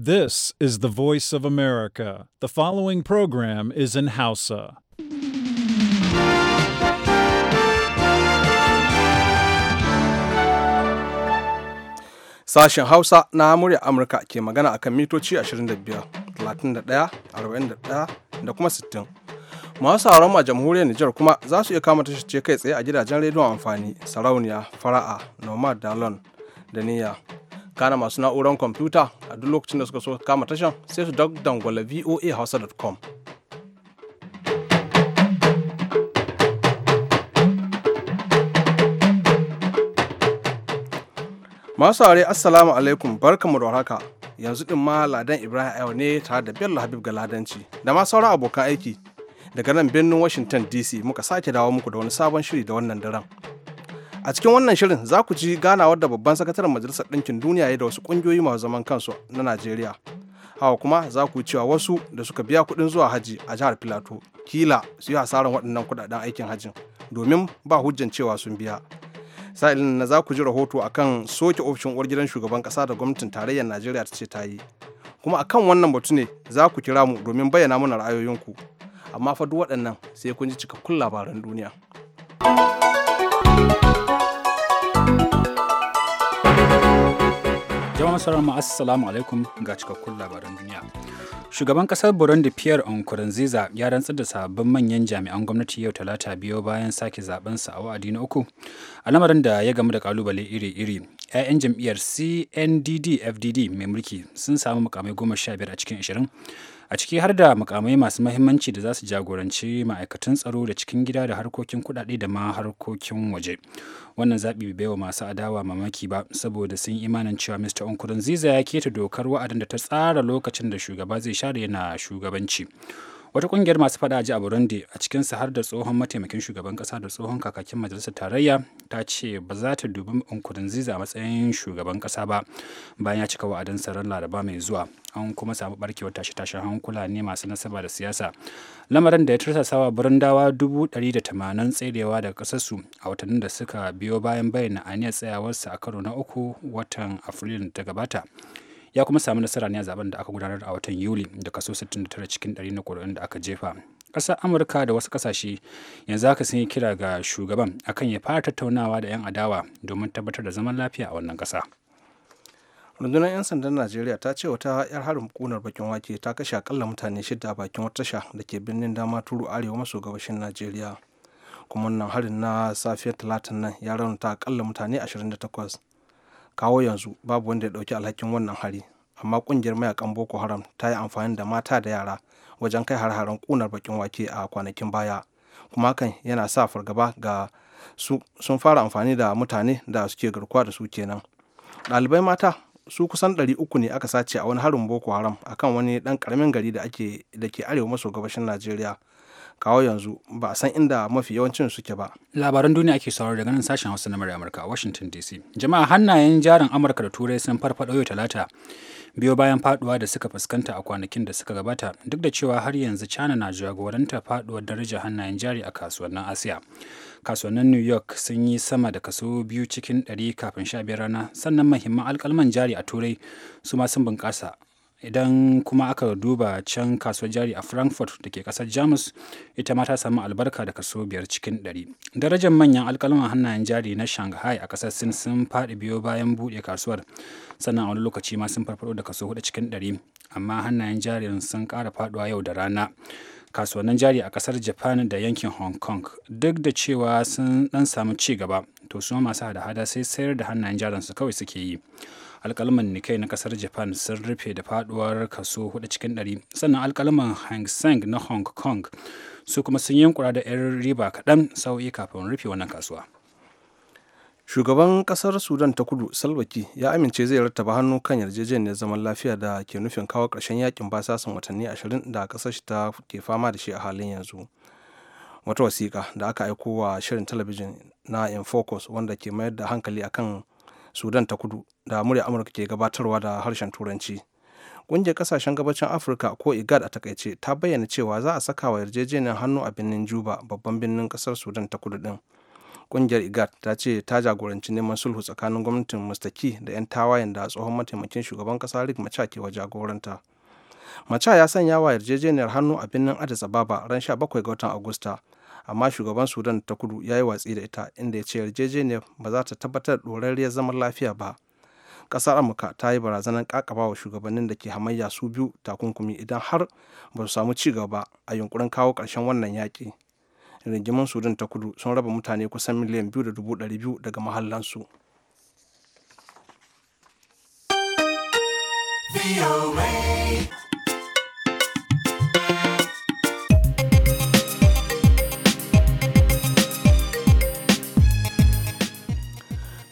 This is the voice of America. The following program is in Hausa. Sashen Hausa na murya Amurka ke magana akan mitoci 25, 31, 41 da kuma 60. Masu sauran a jamhuriyar Nijar kuma za su iya kama tashar kai tsaye a gidajen rediyon amfani, sarauniya, fara'a, nomad, dalon da niyya. gana masu na'urar kwamfuta a duk lokacin da suka so kama tashan sai su dangwala voa hausa.com Masu aure assalamu alaikum barkamu da haka yanzu din ma ladan Ibrahim Ayo ne tare da Bello Habib ga ladanci da ma sauran abokan aiki daga nan birnin Washington DC muka sake dawo muku da wani sabon shiri da wannan daren. a cikin wannan shirin za ku ji ganawar da babban sakataren majalisar ɗinkin duniya ya da wasu ƙungiyoyi masu zaman kansu na najeriya hawa kuma za ku cewa wasu da suka biya kuɗin zuwa haji a jihar filato kila su yi hasaran waɗannan kuɗaɗen aikin hajjin domin ba hujjan cewa sun biya sa'ilin na za ku ji rahoto akan soke ofishin uwar gidan shugaban ƙasa da gwamnatin tarayyar najeriya ta ce ta yi kuma akan wannan batu ne za ku kira mu domin bayyana mana ra'ayoyinku amma fa duk waɗannan sai kun ji cikakkun labaran duniya. thank you jama'a sauran assalamu alaikum ga cikakkun labaran duniya shugaban kasar burundi pierre nkurunziza ya rantsar da sabbin manyan jami'an gwamnati yau talata biyo bayan sake zabensa a wa'adi na uku a lamarin da ya gamu da kalubale iri-iri 'ya'yan jam'iyyar cndd fdd mai mulki sun samu mukamai goma sha biyar a cikin ashirin a ciki har da mukamai masu mahimmanci da za su jagoranci ma'aikatan tsaro da cikin gida da harkokin kudade da ma harkokin waje wannan zaɓi bai baiwa masu adawa mamaki ba saboda sun yi imanin cewa mr nkurunziza ya keta dokar wa'adin da ta tsara lokacin da shugaba zai share yana shugabanci wata kungiyar masu fada ji a burundi a cikin su har da tsohon mataimakin shugaban kasa da tsohon kakakin majalisar tarayya ta ce ba za ta dubi nkurunziza a matsayin shugaban kasa ba bayan ya cika wa'adin tsaron laraba mai zuwa an kuma samu barkewar tashe-tashen hankula ne masu nasaba da siyasa lamarin da ya tursa sawa burundawa tamanin tserewa daga kasarsu a watannin da suka biyo bayan bayyana aniyar tsayawarsa a karo na uku watan afrilu da ta gabata ya kuma samu nasara ne a zaben da aka gudanar a watan yuli da kaso 69 cikin 100 na kuri'un da aka jefa ƙasar amurka da wasu ƙasashe yanzu haka sun yi kira ga shugaban akan ya fara tattaunawa da 'yan adawa domin tabbatar da zaman lafiya a wannan ƙasa rundunar 'yan sandan najeriya ta ce wata 'yar harin kunar bakin wake ta kashe akalla mutane shida a bakin wata tasha da ke birnin dama turu arewa maso gabashin najeriya kuma wannan harin na safiyar talatin nan ya raunta akalla mutane 28 kawo yanzu babu wanda ya dauki alhakin wannan hari amma kungiyar mayakan boko haram ta yi amfani da mata da yara wajen kai har-haren kunar bakin wake a kwanakin baya kuma hakan yana sa fargaba ga sun fara amfani da mutane da suke garkuwa da su kenan ɗalibai mata su kusan 300 ne aka sace a wani harin boko haram akan wani ɗan ƙaramin gari da ke arewa maso gabashin najeriya kawo yanzu ba a san inda mafi yawancin suke ba. Labaran duniya ake sauraro daga nan sashen Hausa na murya Amurka a Washington DC. Jama'a hannayen jarin Amurka da Turai sun farfaɗo yau Talata biyo bayan faduwa da suka fuskanta a kwanakin da suka gabata duk da cewa har yanzu China na jagoranta faduwar daraja hannayen jari a kasuwannin Asiya. Kasuwannin New York sun yi sama da kaso biyu cikin ɗari kafin sha biyar rana sannan mahimman alkalman jari a Turai su ma sun bunƙasa idan kuma aka duba can kasuwar jari a frankfurt da ke kasar jamus ita ma ta samu albarka da kaso biyar cikin ɗari darajar manyan alkalman hannayen jari na shanghai a kasar sin sun faɗi biyo bayan buɗe kasuwar sannan a wani lokaci ma sun farfaɗo da kaso hudu cikin ɗari amma hannayen jarin sun ƙara faɗuwa yau da rana kasuwannin jari a kasar japan da yankin hong kong duk da cewa sun ɗan samu ci gaba to su masu hada-hada sai sayar da hannayen jarin su kawai suke yi alkalman nikkei na kasar japan sun rufe da faduwar kaso 4 cikin 100 sannan alkalman hang seng na hong kong su kuma sun yankura da 'yan riba kaɗan sau'i kafin rufe wannan kasuwa shugaban kasar sudan ta kudu salwaki ya amince zai rattaba hannu kan yarjejeniyar zaman lafiya da ke nufin kawo ƙarshen yakin basasan watanni 20 da kasar shi ta ke fama da shi a halin yanzu wata wasiƙa da aka aiko wa shirin talabijin na infocus wanda ke mayar da hankali akan sudan ta kudu da murya amurka ke gabatarwa da harshen turanci ƙungiyar ƙasashen gabacin afirka ko igad a takaice ta bayyana cewa za a saka wa yarjejeniyar hannu a birnin juba babban birnin ƙasar sudan ta kudu din ƙungiyar igad ta ce ta jagoranci neman sulhu tsakanin gwamnatin mustaki da 'yan tawayen da tsohon mataimakin shugaban ƙasa rik macha ke wa jagoranta macha ya sanya wa yarjejeniyar hannu a birnin addis ababa ran 17 ga watan agusta amma shugaban sudan ta kudu ya yi watsi da ita inda ya ce yarjejeniyar ba za ta tabbatar da ɗorarriyar zaman lafiya ba ƙasar amurka ta yi barazanar ƙaƙabawa shugabannin da ke hamayya su biyu takunkumi idan har ba su samu ci gaba a yunkurin kawo ƙarshen wannan yaƙi rigimin sudan ta kudu sun raba mutane kusan miliyan biyu da dubu ɗari biyu daga mahallansu.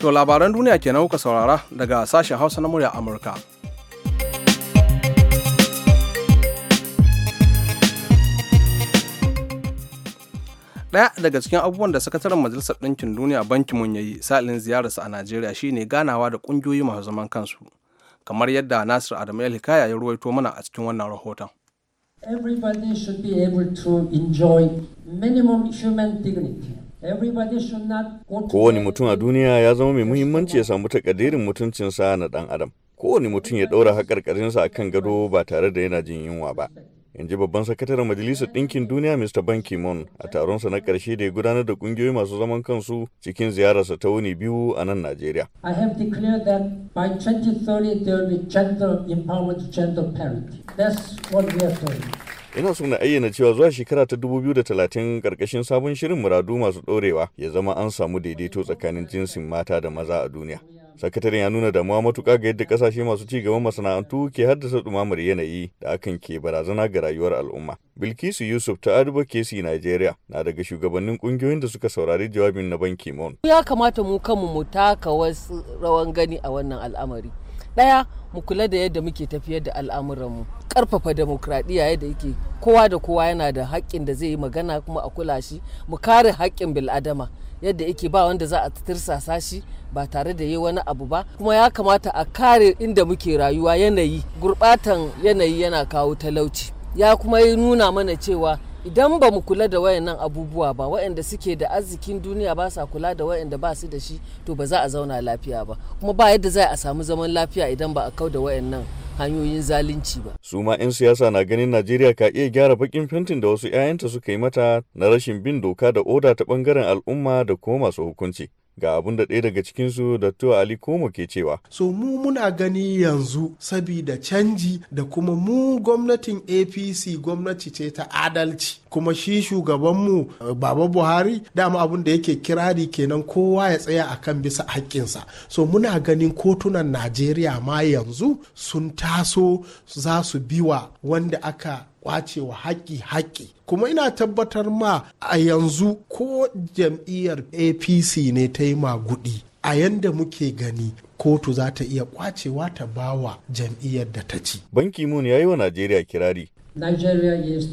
To labaran duniya kenan kuka saurara daga sashen Hausa na murya Amurka. Ɗaya daga cikin abubuwan da sakataren Majalisar Ɗinkin Duniya bankin mun yayi sa'ilin ziyararsa a Najeriya shine ganawa da ƙungiyoyi masu zaman kansu, kamar yadda Nasir Adamu Hikaya ya ruwaito mana a cikin wannan rahoton. Everybody should be able to enjoy minimum human dignity. Kowane mutum a duniya ya zama mai muhimmanci ya samu takadirin mutuncinsa na ɗan adam. Kowane mutum ya ɗaura haƙarƙarinsa a kan gado ba tare da yana jin yunwa ba. In ji babban sakataren Majalisar Ɗinkin Duniya Mr. Ban Ki-moon a taronsa na ƙarshe da ya gudanar da ƙungiyoyi masu zaman kansu cikin ziyararsa ta wuni biyu a nan Najeriya. I have that by 2030 there will be gender gender parity. That's what we Ina so na ayyana cewa zuwa shekara ta 2030 karkashin sabon shirin muradu masu dorewa ya zama an samu daidaito tsakanin jinsin mata da maza a duniya. Sakataren ya nuna damuwa matuka ga yadda kasashe masu ci gaban masana'antu ke haddasa dumamar yanayi da akan ke barazana ga rayuwar al'umma. Bilkisu Yusuf ta Aduba Kesi nigeria na daga shugabannin kungiyoyin da suka saurari jawabin na Banki Mon. Ya kamata mu kanmu mu taka wasu rawan gani a wannan al'amari. ɗaya mu kula da yadda muke tafiyar da al'amuranmu ƙarfafa demokradiya yadda yake kowa da kowa yana da haƙƙin da zai yi magana kuma a kula shi mu kare haƙƙin bil'adama yadda yake ba wanda za a tirsasa shi ba tare da yi wani abu ba kuma ya kamata a kare inda muke rayuwa yanayi gurɓatan yanayi yana kawo talauci ya kuma yi nuna mana cewa idan ba mu kula da wayannan abubuwa ba wayanda suke da arzikin duniya ba sa kula da wayanda ba su da shi to ba za a zauna lafiya ba kuma ba yadda za a samu zaman lafiya idan ba a kau da wayannan hanyoyin zalunci ba. Su ma 'yan siyasa na ganin Najeriya ka iya gyara bakin fentin da wasu 'ya'yanta suka yi mata na rashin bin doka da oda ta bangaren al'umma da kuma masu hukunci. ga abin da ɗaya daga cikinsu da tuwa ali komo ke cewa so mu muna gani yanzu sabida canji da kuma mu gwamnatin apc gwamnati ce ta adalci kuma shi shugabanmu eh, baba buhari dama abin da yake kirari kenan kowa ya tsaya a kan bisa haƙƙinsa so muna ganin kotunan najeriya ma yanzu sun taso za su biwa wanda aka kwacewa haƙƙi haƙƙi kuma ina tabbatar ma a yanzu ko jam'iyyar apc ne ta yi magudi a yanda muke gani kotu za ta iya kwacewa ta bawa jam'iyyar da ta ci. Banki mun ya yi wa Najeriya kirari. Nigeria is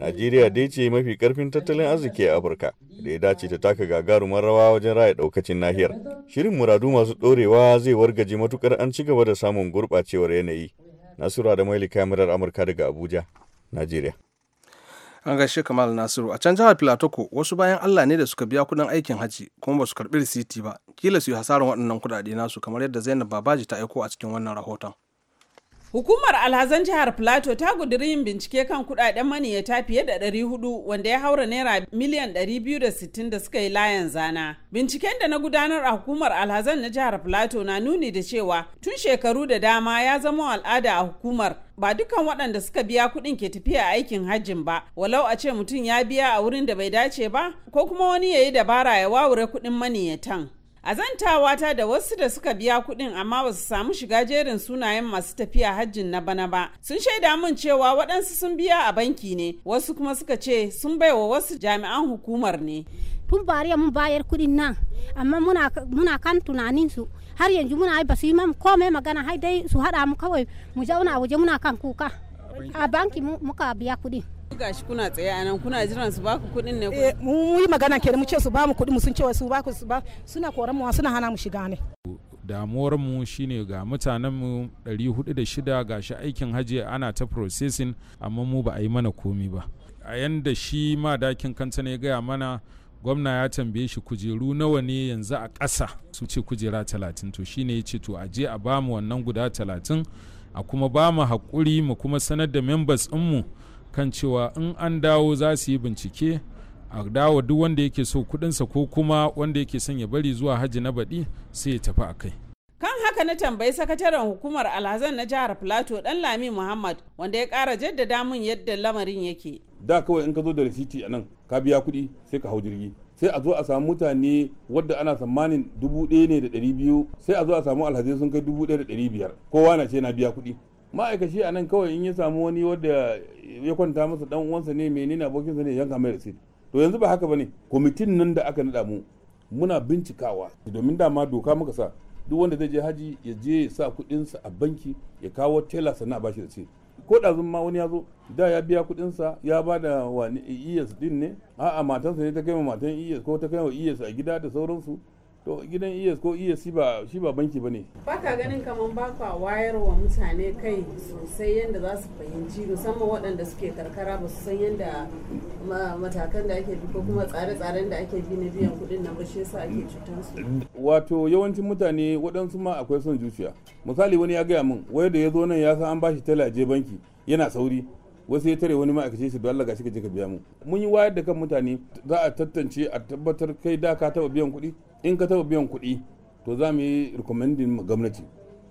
Najeriya dai ce mafi karfin tattalin arziki a Afirka da ya dace ta taka gagarumar rawa wajen raya daukacin nahiyar. Shirin muradu masu ɗorewa zai wargaje matukar an ci gaba da samun gurɓacewar yanayi Nasiru Adamaili kamarar Amurka daga Abuja, Najeriya. An gaishe Kamal Nasiru a can jihar Filatoko wasu bayan Allah ne da suka biya kuɗin aikin haji kuma ba su karɓi risiti ba kila su yi hasarar waɗannan kuɗaɗe nasu kamar yadda Zainab Babaji ta aiko a cikin wannan rahoton. Hukumar alhazan jihar Plateau ta guduri yin bincike kan kudaden maniyyata fiye da 400 wanda ya haura naira miliyan 260 da suka yi layan zana. Binciken da na gudanar a hukumar alhazan na jihar Plateau na nuni da cewa tun shekaru da dama ya zama al'ada a hukumar ba dukan waɗanda suka biya kuɗin ke tafiya aikin hajjin ba walau a ce mutum ya biya a wurin da bai dace ba ko kuma wani ya yi dabara ya wawure kuɗin maniyyatan? azantawata da wasu da suka biya kuɗin amma ba su samu shiga jerin sunayen masu tafiya hajjin na bana ba sun shaida mun cewa waɗansu sun biya a banki ne wasu kuma suka ce sun baiwa wasu jami'an hukumar ne tun bariya mun bayar kuɗin nan amma muna kan tunanin su har yanzu muna ba su yi kome magana har dai su haɗa mu kawai mu zauna waje muna kan kuka a banki muka biya kuɗin shi kuna tsaye a nan kuna jiran su baku kuɗin ne ku. Eh, mu yi magana ke mu ce su ba mu kuɗi mu sun ce su baku su ba suna koran mu suna hana mu shiga ne damuwar mu shine ga mutanen mu 406 shi aikin hajji ana ta processing amma mu ba a yi mana komi ba a yanda shi ma dakin kanta ne gaya mana gwamna ya tambaye shi kujeru nawa ne yanzu a kasa su ce kujera talatin to shine ya ce to a je a bamu wannan guda talatin a kuma ba mu haƙuri mu kuma sanar da members dinmu. kan cewa in an dawo za su yi bincike a dawo duk wanda yake so kudinsa ko kuma wanda yake son ya bari zuwa hajji na baɗi sai ya tafi a kai kan haka na tambayi sakataren hukumar alhazan na jihar plato dan lami muhammad wanda ya kara jaddada min yadda lamarin yake da kawai in ka zo da rasiti a nan ka biya kuɗi sai ka hau jirgi sai a zo a samu mutane wadda ana tsammanin dubu ɗaya ne da ɗari biyu sai a zo a samu alhazai sun kai dubu ɗaya da ɗari biyar kowa na ce na biya kuɗi ma'aikaci a nan kawai in ya samu wani wadda ya kwanta masa dan uwansa ne nina abokinsa ne yanka mai receipt to yanzu ba haka ba ne kwamitin nan da aka naɗa mu muna bincikawa domin dama doka muka sa duk wanda zai je haji ya je ya sa kudinsa a banki ya kawo tela sannan shi da receipt ko da ma wani ya zo da ya biya kudinsa ya ba da wani iyas e din ne a'a matansa ne ta kai ma matan iyas e ko ta kai wa iyas e a gida da sauransu to gidan ES ko ES ba shi ba banki bane ba ka ganin kaman ba ka wayarwa mutane kai sosai yanda za su fahimci musamman waɗanda suke karkara ba su san yanda matakan da ake bi ko kuma tsare-tsaren da ake bi na biyan kuɗin nan ba shi yasa ake cutar su wato yawancin mutane waɗansu ma akwai son zuciya misali wani ya gaya min wai da ya zo nan ya san an bashi tala je banki yana sauri wasu ya tare wani ma'aikaci shi don ga shi ka je ka biya mu mun yi wayar da kan mutane za a tantance a tabbatar kai da ka taba biyan kuɗi in ka taɓa biyan kuɗi to za mu yi recommending gwamnati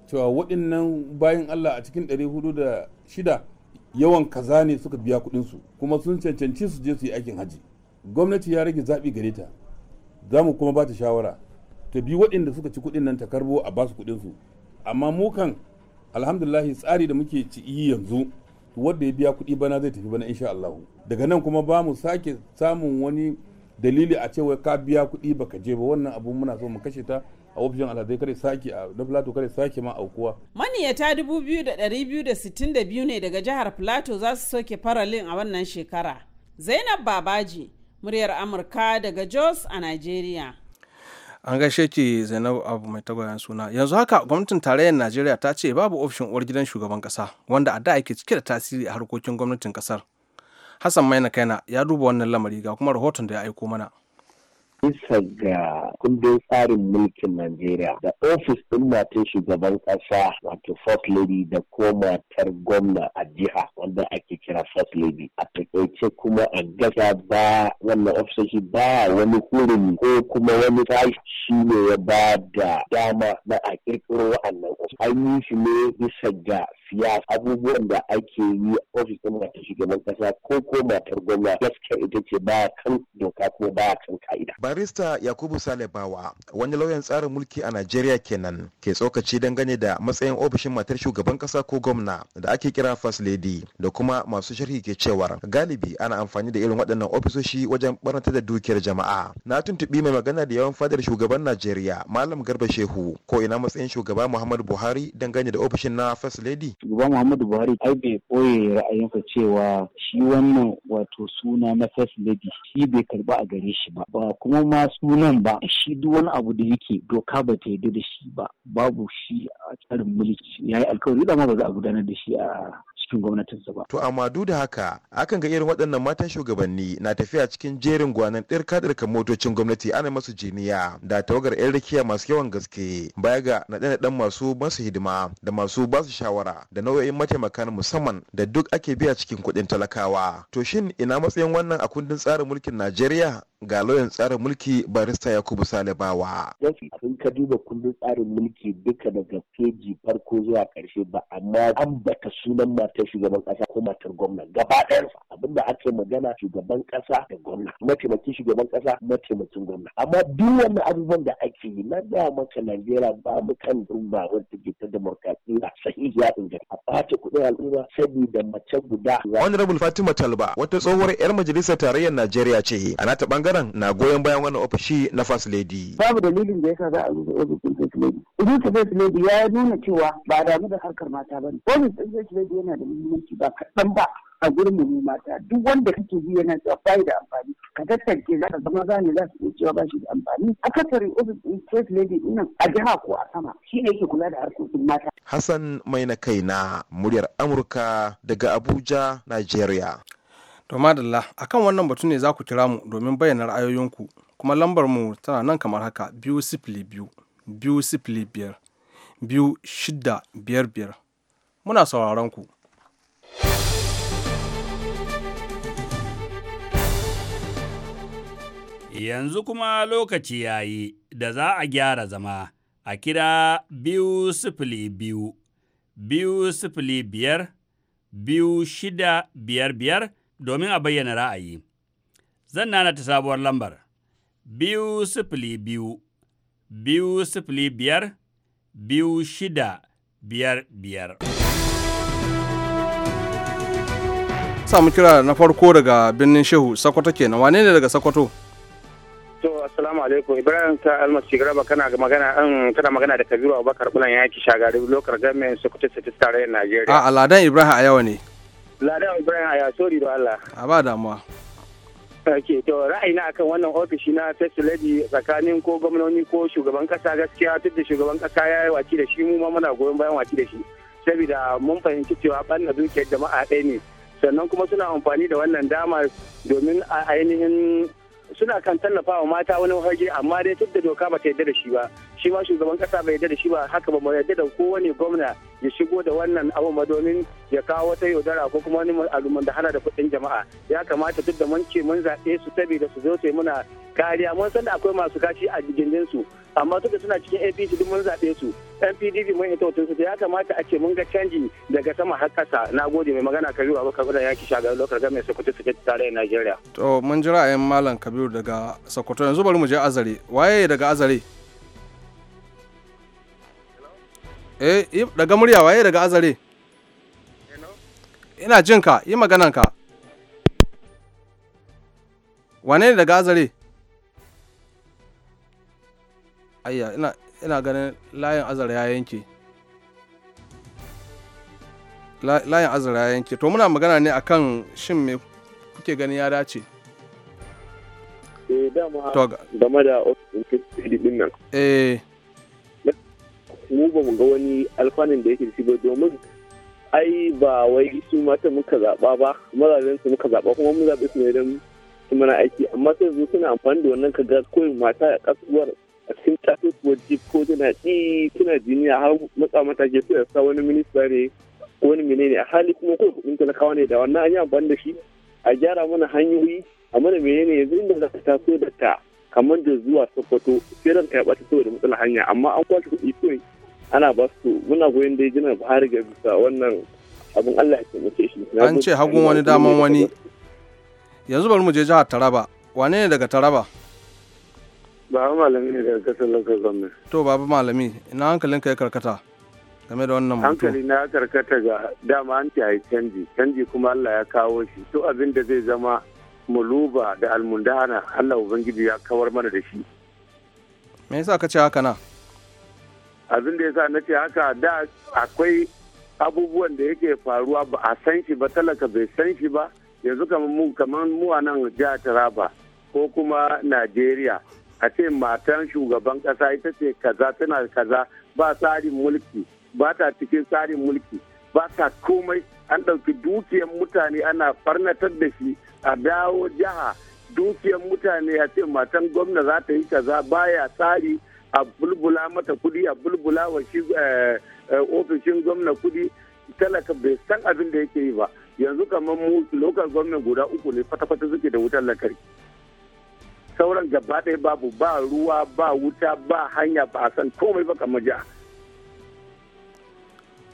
cewa waɗannan bayan Allah a cikin ɗari da shida. yawan kaza ne suka biya kuɗinsu kuma sun cancanci su je su yi aikin haji gwamnati ya rage zaɓi gare ta za mu kuma ba ta shawara ta bi waɗanda suka ci kuɗin nan ta karbo a su kuɗinsu amma mu kan alhamdulahi tsari da muke ci yi yanzu wanda ya biya kuɗi bana zai tafi bana insha Allah daga nan kuma ba mu sake samun wani dalili a ce wai ka biya kuɗi baka je ba wannan abu muna so mu kashe ta a ofishin alhazai kare sake a na plato kare sake ma aukuwa. maniyata 2,262 ne daga jihar plato za su soke faralin a wannan shekara zainab babaji muryar amurka daga jos a nigeria an gaishe ki zainabu abu mai tagwayen suna yanzu haka gwamnatin tarayyar najeriya ta ce babu ofishin uwar gidan shugaban kasa wanda a da ake cike da tasiri a harkokin gwamnatin kasar hassan maina kaina ya duba wannan lamari ga kuma rahoton da ya aiko mana bisa ga kundin tsarin mulkin Najeriya da ofis ɗin matan shugaban ƙasa wato first lady da ko matar gwamna a jiha wanda ake kira first lady a takaice kuma a gasa ba wannan ofisoshi ba wani hurin ko kuma wani tashi shi ne ya ba da dama na a kirkiro wa'annan ofis an yi shi ne bisa ga siyasa abubuwan da ake yi ofis ɗin matan shugaban ƙasa ko ko matar gwamna gaskiya ita ce ba kan doka ko ba kan ka'ida. barista yakubu salibawa wani lauyan tsarin mulki a najeriya kenan ke tsokaci dangane da matsayin ofishin matar shugaban kasa ko gwamna da ake kira first lady da kuma masu sharhi ke cewar galibi ana amfani da irin waɗannan ofisoshi wajen barnata da dukiyar jama'a na tuntuɓi mai magana da yawan fadar shugaban najeriya malam garba shehu ko ina matsayin shugaba muhammadu buhari dangane da ofishin na first lady Shugaban muhammadu buhari ai bai ɓoye ra'ayinsa cewa shi wannan wato suna na first lady shi bai karba a gare shi ba ba Mu ma sunan ba shi duk wani abu da yake doka ba ta yarda da shi ba babu shi a tsarin mulki yayi alkawari da ma ba za a gudanar da shi a cikin gwamnatinsa ba. To amma duk da haka akan ga irin waɗannan matan shugabanni na tafiya cikin jerin gwanan ɗirka ɗirka motocin gwamnati ana masu jiniya da tawagar 'yan rikiya masu yawan gaske baya ga naɗe naɗen masu masu hidima da masu basu shawara da nau'o'in mataimaka na musamman da duk ake biya cikin kuɗin talakawa. To shin ina matsayin wannan a kundin tsarin mulkin Najeriya? ga lauyan tsarin mulki barista yakubu salibawa in ka duba kundin tsarin mulki duka daga feji farko zuwa karshe ba amma an bata sunan matar shugaban kasa ko matar gwamna gaba ɗayansa abinda ake magana shugaban kasa da gwamna mataimakin shugaban kasa mataimakin gwamna amma duk wani abubuwan da ake yi na da maka najeriya ba mu kan rumba ta ke ta demokradiyya sahihiya inganta ɓata kuɗin al'umma saboda mace guda. Honorable Fatima Talba wata tsohuwar 'yar majalisar tarayyar Najeriya ce a nata bangaren na goyon bayan wannan ofishi na First Lady. Babu dalilin da ya sa za a rufe ofishin First Lady. Rusa First Lady ya nuna cewa ba damu da harkar mata ba ne. Ofishin First Lady yana da muhimmanci ba kaɗan ba a gurin mu mata duk wanda kake ji yana cewa bai da amfani ka tattake za ka zama zani za su cewa ba shi da amfani akasarin ofis din first lady din a jiha ko a sama shi ne yake kula da harkokin mata Hassan mai na kai na muryar Amurka daga Abuja Nigeria To madalla akan wannan batu ne za ku kira mu domin bayyana ra'ayoyin ku kuma lambar mu tana nan kamar haka biyu sifili biyu biyu sifili biyar biyu shida biyar biyar muna sauraron ku Yanzu kuma lokaci ya yi da za a gyara zama a kira biyu sifili biyu, biyu sifili biyar, biyu shida biyar biyar domin a bayyana ra'ayi. Zan nana ta sabuwar lambar, biyu sifili biyu, biyu sifili biyar, biyu shida biyar biyar. Samu kira na farko daga birnin Shehu, Sokoto na wane ne daga Sokoto? Assalamu alaikum Ibrahim ta almasi garaba kana magana an um, kana magana da Kabiru Abubakar Bulan yaki shagari lokar gamen Sokoto City tarayyar nigeria. A Ladan Ibrahim a yawa ne. Ladan Ibrahim a yawa sori da Allah. A ba damuwa. Ake to na akan wannan ofishi na First Lady tsakanin ko gwamnoni ko shugaban kasa gaskiya duk da shugaban kasa ya yi waki da shi mu ma muna goyon bayan waki da shi. Saboda mun fahimci cewa banna dukiyar jama'a ɗaya ne. sannan kuma suna amfani da wannan dama domin ainihin suna kan tallafa wa mata wani fage amma dai tunda da doka ba ta yarda da shi ba shi ma shugaban kasa bai yarda da shi ba haka ba mu yarda da kowane gwamna ya shigo da wannan abu domin ya kawo wata yaudara ko kuma wani al'umman da hana da kuɗin jama'a ya kamata duk da mun ce mun zaɓe su saboda su zo su muna kariya mun san da akwai masu kashi a gindin su amma duk da suna cikin APC duk mun zaɓe su npdb mun ita tun su ya kamata a ce mun ga canji daga sama har ƙasa na gode mai magana Kabiru Abubakar Kudan yaki shagar lokar game Sokoto tare tarayyar Najeriya. To mun jira 'yan Malam Kabiru daga Sokoto yanzu bari mu je Azare waye daga Azare. eh daga murya waye daga azare ina jin ka yi magananka. ka wane ne daga azare ayya ina ina ganin layin azare ya yanke layin azare ya yanke to muna magana ne akan shin me kuke gani ya dace eh dama game da ofis din nan eh mu ba mu ga wani alfanun da yake da shi ba domin ai ba wai su mata muka zaɓa ba mazajen su muka zaɓa kuma mun zaɓe su ne don su mana aiki amma sai zo suna amfani da wannan kaga kawai mata a kasuwar a cikin tafi kuwa ko tana ɗi tana jiniya har matsa mata ke su sa wani minista ne wani menene a hali kuma ko kuɗin talakawa ne da wannan an yi amfani da shi a gyara mana hanyoyi a mana menene yanzu inda za ka taso da ta kamar da zuwa sokoto sai ranka ya ɓata saboda matsalar hanya amma an kwashe kuɗi kawai ana ba su muna goyon dai jinar buhari ga bisa wannan abin allah ya taimake shi an ce hagun wani daman wani yanzu bari mu je jihar taraba wane ne daga taraba babu malami ne daga kasar local government to babu malami ina hankalin ka ya karkata game da wannan hankali na karkata ga dama an ce ai canji canji kuma allah ya kawo shi to abin da zai zama muluba da almundana allah ubangiji ya kawar mana da shi me yasa ka ce haka na abin da yasa na ce haka da akwai abubuwan da yake faruwa ba a san shi ba talaka bai san shi ba yanzu kamar mu kamar mu a nan jihar Taraba ko kuma Najeriya a ce matan shugaban kasa ita ce kaza tana kaza ba tsarin mulki ba ta cikin tsarin mulki ba ta komai an ɗauki dukiyar mutane ana farnatar da shi a dawo jiha dukiyar mutane a ce matan gwamna za ta yi kaza baya tsari a bulbula mata kudi a bulbula wa shi eh, eh, ofishin gwamna kudi talaka bai san abin da yake yi ba yanzu kamar mu lokal gwamna guda uku ne fata-fata suke da wutar lantarki sauran gaba ɗaya babu ba ruwa ba wuta ba hanya ba a san komai ba kamar ja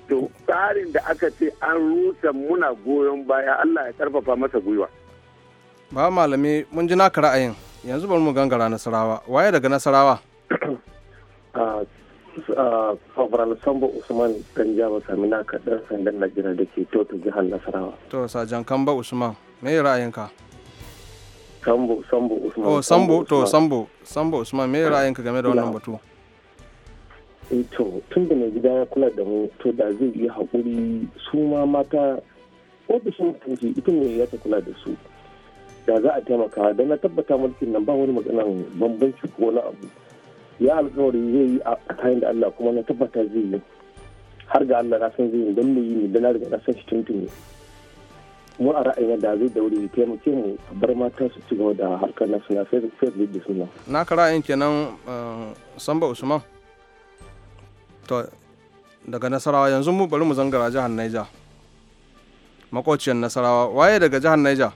to tsarin da aka ce an rusa muna goyon baya Allah ya karfafa masa gwiwa ba malami mun ji naka ra'ayin yanzu bari mu gangara nasarawa waye daga nasarawa Fabaral uh, uh, Sambo Usman dan jaba Samina ka sandan Najeriya da ke Toto jihar Nasarawa. To Sajan Kamba Usman me ra'ayinka? Sambo Sambo Usman. Oh Sambo to Sambo Sambo Usman me ah, ra'ayinka game da wannan batu? Eh, to tun da mai gida ya kula da mu to da zai yi haƙuri su ma mata ofishin kanci ita ne ya ta kula da su da za a taimaka da na tabbata mulkin nan ba wani maganan bambanci ko wani abu ya alkawari zai yi a tsakanin da Allah kuma na tabbata zai yi har ga Allah na san zai yi don mu yi ne da na riga na san shi tuntuni mu a ra'ayin da zai daure ya taimake mu bar mata su ci gaba da harkar nasu na sai da suna. na ka ra'ayin kenan eh, samba usman to daga nasarawa yanzu mu bari mu zangara jihar naija makwaciyar nasarawa waye daga jihar naija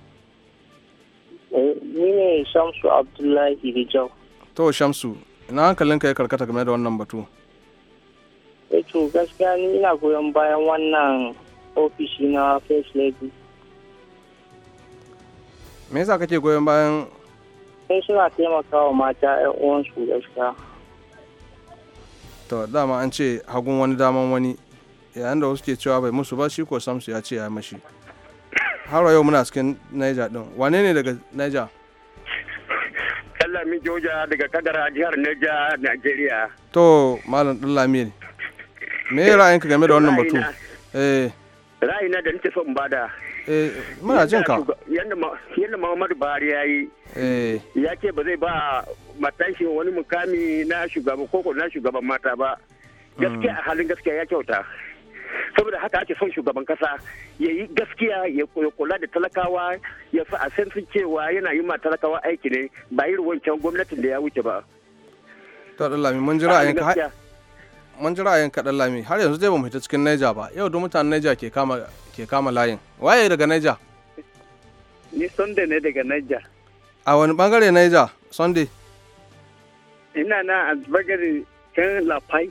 eh, ni ne shamsu abdullahi hijau to shamsu ina hankalinka ya karkata game da wannan batu eh to gaskiya ni ina goyon bayan wannan ofishi na first lady me yasa kake goyon bayan sai eh, suna taimakawa mata yan uwansu gaskiya to dama an ce hagun wani daman wani yayin da wasu ke cewa bai musu ba shi ko samsu ya ce ya mashi har yau muna cikin naija din wane ne daga naija Dallami Joja daga Kadara jihar Neja, nigeria. To, Malam Dallami. Me ra'ayinka game da wannan batu? Eh. Ra'ayina da nake son bada. Eh, muna jin ka. Yanda Muhammadu Buhari ya yi. Eh. Ya ce ba zai ba matashi wani mukami na shugaba koko na shugaban mata ba. Mm. Gaskiya a halin gaskiya ya kyauta. saboda haka ake son shugaban kasa ya yi gaskiya ya kula da talakawa ya fi a cewa yana yi ma talakawa aiki ne ba ruwan wancan gwamnatin da ya wuce ba to lami mun jira yanka mun yanka lami har yanzu zai ba mu cikin naija ba yau da mutanen naija ke kama ke kama layin waye daga naija. ni Sunday ne daga naija. a wani bangare naija Sunday ina na a bangare kan Lafai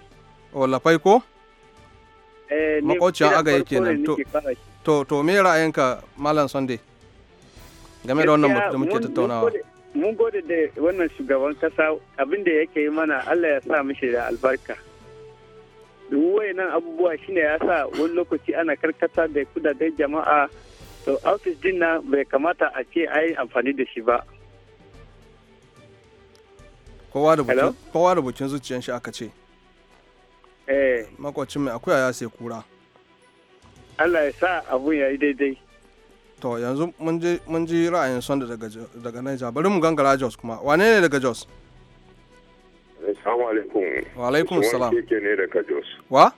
o Lafai ko Eh, makwacin aga yake nan to to me ra'ayinka malam sunday game da wannan batu da muke tattaunawa mun gode da wannan shugaban kasa abin da yake yi mana allah ya sa mishi da albarka duwai nan abubuwa shine ya sa wani lokaci ana karkata da kudaden jama'a to ofis din na bai kamata a ce a amfani da shi ba kowa da bukin zuciyan shi aka ce Eh. makwacin mai akuya ya sai kura allah ya sa abu ya yi daidai to yanzu mun ji ra'ayin da daga naija bari mu gangara jos kuma wane ne daga jos Assalamu Wa alaikum salam. keke ne daga Jos. Wa?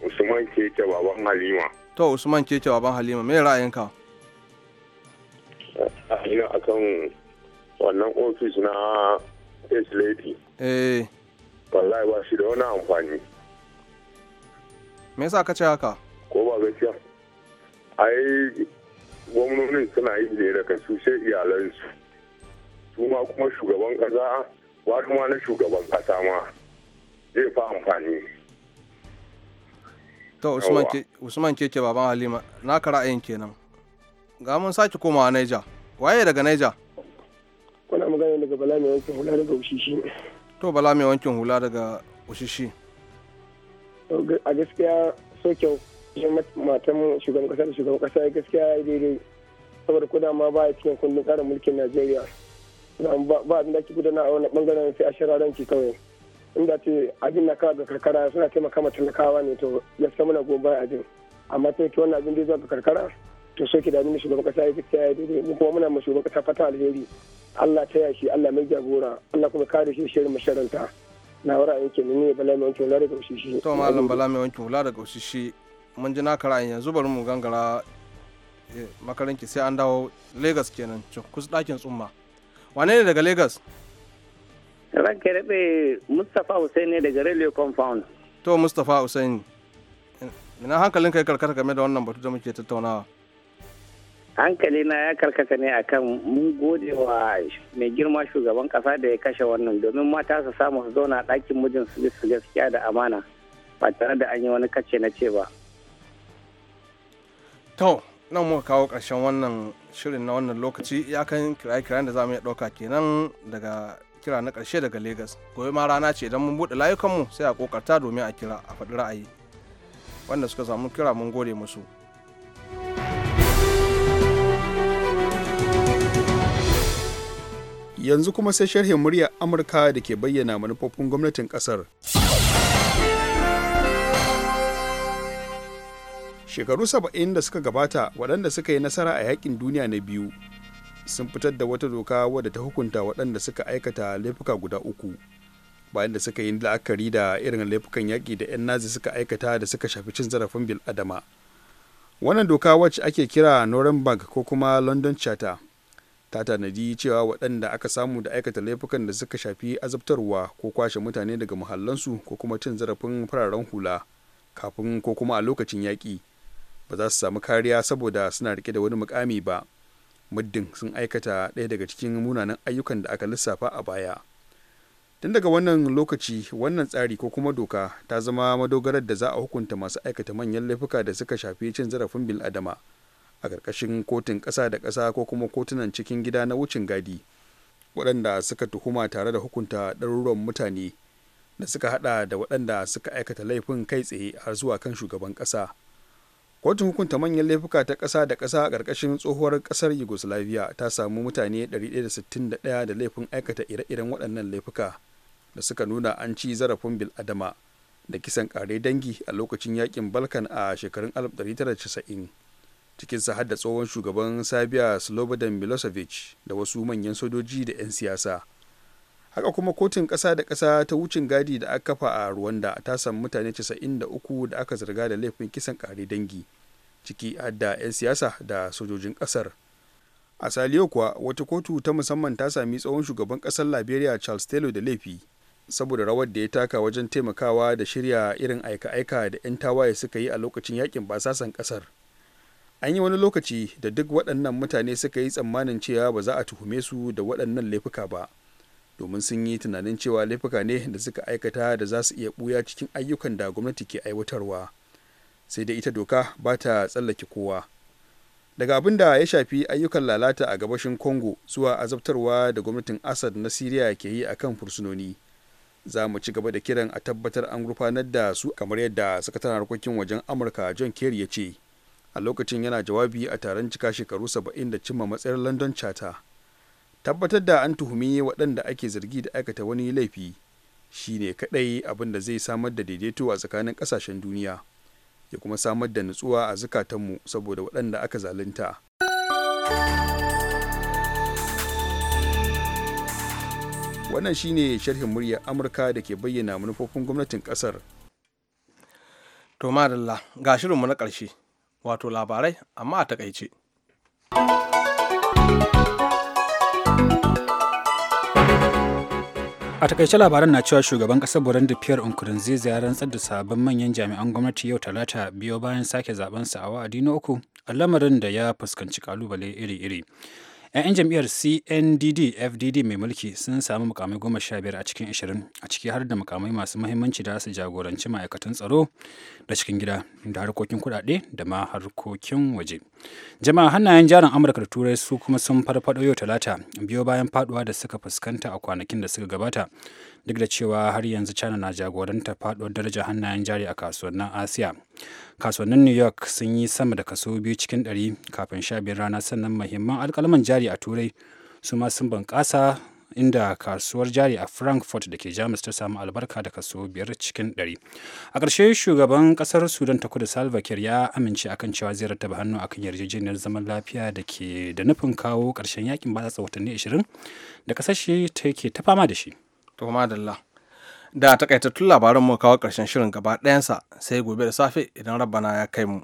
Usman keke baban Halima. To Usman keke baban Halima me ra'ayinka? Ina akan wannan ofis na H Lady. Eh. wallahi ba shi da wani amfani me yasa ka ce haka ko ba gaskiya ai gwamnonin suna yi ne daga su sai iyalansu su ma kuma shugaban kasa ba ma na shugaban kasa ma zai fa amfani to usman keke baban halima na ka ra'ayin kenan ga mun sake komawa naija waye daga naija kuna magana daga bala mai wancan hula daga ushishi ne to bala mai wankin hula daga ushishi a gaskiya so kyau matan shugaban kasa da shugaban kasa gaskiya ya daidai saboda ko ma ba a cikin kundin tsarin mulkin najeriya ba abin da ake gudana a wani bangaren sai a ki kawai inda ce abin na kawo ga karkara suna taimaka ma talakawa ne to ya samu na a abin amma sai ki wannan abin da zuwa ga karkara to ke da mini shugaban kasa ya fita ya daidai mu kuma muna shugaban kasa fata alheri Allah ta yashi Allah mai jagora Allah kuma kare shi shirin masharanta na wara yake ne ne bala mai wanke wula daga shi to mallam bala mai wankin wula daga shi mun ji naka ra'ayin yanzu bari mu gangara eh, makaranki sai an dawo Lagos kenan kusa dakin tsumma wane ne daga Lagos ranka rabe Mustapha Hussein ne daga Railway Compound to Mustapha Hussein ina hankalin kai karkata game da wannan batu da muke tattaunawa hankali na ya karkata ne akan mun gode wa mai girma shugaban kasa da ya kashe wannan domin mata su samu su zauna ɗakin mijin su su gaskiya da amana ba tare da an yi wani kace na ce ba to nan muka kawo ƙarshen wannan shirin na wannan lokaci ya kan kira kirayen da za mu iya ɗauka kenan daga kira na ƙarshe daga lagos Gobe ma rana ce idan mun buɗe layukanmu sai a ƙoƙarta domin a kira a faɗi ra'ayi. Wanda suka samu kira mun gode musu. yanzu kuma sai sharhin muryar amurka da ke bayyana manufofin gwamnatin kasar shekaru saba'in da suka gabata waɗanda suka yi nasara a yakin duniya na biyu sun fitar da wata doka wadda ta hukunta waɗanda suka aikata laifuka guda uku bayan da suka yi la'akari da irin laifukan yaƙi da 'yan nazi suka aikata da suka shafi cin zarafin bil'adama wannan doka wacce ake kira nuremberg ko kuma london charter ta tanadi cewa waɗanda aka samu da aikata laifukan da suka shafi azabtarwa ko kwashe mutane daga muhallansu ko kuma cin zarafin fararen hula kafin ko kuma a lokacin yaƙi ba za su samu kariya saboda suna rike da wani mukami ba muddin sun aikata ɗaya daga cikin munanan ayyukan da aka lissafa a baya tun daga wannan lokaci wannan tsari ko kuma doka ta zama madogarar da za a hukunta masu aikata manyan laifuka da suka shafi cin zarafin bil'adama adama a ƙarƙashin kotun ƙasa da ƙasa ko kuma kotunan cikin gida na wucin gadi waɗanda suka tuhuma tare da hukunta ɗaruruwan mutane da suka haɗa da waɗanda suka aikata laifin kai tsaye har zuwa kan shugaban ƙasa kotun hukunta manyan laifuka ta ƙasa da ƙasa a ƙarƙashin tsohuwar ƙasar yugoslavia ta samu mutane 161 da laifin aikata ire-iren waɗannan laifuka da suka nuna an ci zarafin bil'adama da kisan ƙare dangi a lokacin yakin balkan a shekarun 1990 cikin har da tsohon shugaban sabiya slobodan milosevic da wasu manyan sojoji da 'yan siyasa haka kuma kotun ƙasa da ƙasa ta wucin gadi da aka kafa a rwanda ta samu mutane 93 da aka zarga da laifin kisan ƙare dangi ciki hadda 'yan siyasa da sojojin ƙasar a saliyo kuwa wata kotu ta musamman ta sami tsohon shugaban ƙasar liberia charles taylor da laifi saboda rawar da ya taka wajen taimakawa da shirya irin aika-aika da 'yan tawaye suka yi a lokacin yakin basasan ƙasar an yi wani lokaci da duk waɗannan mutane suka yi tsammanin cewa ba za a tuhume su da waɗannan laifuka ba domin sun yi tunanin cewa laifuka ne da suka aikata da za su iya ɓuya cikin ayyukan da gwamnati ke aiwatarwa sai dai ita doka ba ta tsallake kowa daga abin da ya shafi ayyukan lalata a gabashin congo zuwa azabtarwa da gwamnatin assad na syria ke yi akan fursunoni za mu ci gaba da kiran a tabbatar an gurfanar da su kamar yadda sakataren harkokin wajen amurka john kerry ya ce a lokacin yana jawabi a taron cika shekaru saba'in da cimma matsayar london charter tabbatar da an tuhumi waɗanda ake zargi da aikata wani laifi shine kaɗai abin da zai samar da daidaito a tsakanin ƙasashen duniya ya kuma samar da nutsuwa a zukatanmu saboda waɗanda aka zalunta wannan shine sharhin muryar amurka da ke bayyana manufofin gwamnatin ƙasar to madalla ga shirinmu na ƙarshe wato labarai amma a takaice. a takaice labaran na cewa shugaban kasar burundi pierre nkurunziza ya rantsar da sabbin manyan jami'an gwamnati yau talata biyo bayan sake zabensa a wa'adi na uku a lamarin da ya fuskanci kalubale iri-iri 'Yan jam'iyyar CNDD FDD mai mulki sun sami mukamai goma sha biyar a cikin ashirin a ciki har da mukamai masu mahimmanci da su jagoranci ma'aikatan tsaro da cikin gida da harkokin kudade da ma harkokin waje. Jama'a hannayen jaran Amurka da Turai su kuma sun farfaɗo yau talata biyo bayan faduwa da suka fuskanta a kwanakin da suka gabata duk da cewa har yanzu china na jagoranta faɗuwar darajar hannayen jari a kasuwannin asiya kasuwannin new york sun yi sama da kaso biyu cikin ɗari kafin sha biyar rana sannan mahimman alkalaman jari a turai su ma sun bunƙasa inda kasuwar jari a frankfurt da ke jamus ta samu albarka da kaso biyar cikin ɗari a ƙarshe shugaban ƙasar sudan ta kudu salva kiir ya amince akan cewa zai rattaba hannu akan yarjejeniyar zaman lafiya da ke da nufin kawo ƙarshen yakin ba watanni 20 da ƙasashe ta ke ta fama da shi To madalla. Da takaitattun labaran mu kawo ƙarshen shirin gaba ɗayansa sai gobe da safe idan rabbana ya kai mu.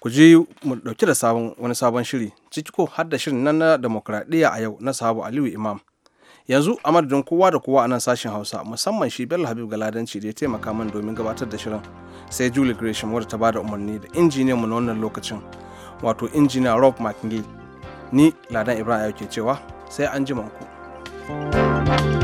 Ku ji mu ɗauki da sabon wani sabon shiri ciki ko har da shirin nan na demokradiyya a yau na sahabu Aliyu Imam. Yanzu a madadin kowa da kowa a nan sashen Hausa musamman shi Bello Habib Galadanci da ya taimaka min domin gabatar da shirin sai Julie Gresham wadda ta bada umarni da injiniyan mu na wannan lokacin wato injiniya Rob mcgill ni Ladan Ibrahim ke cewa sai an ji ku. thank you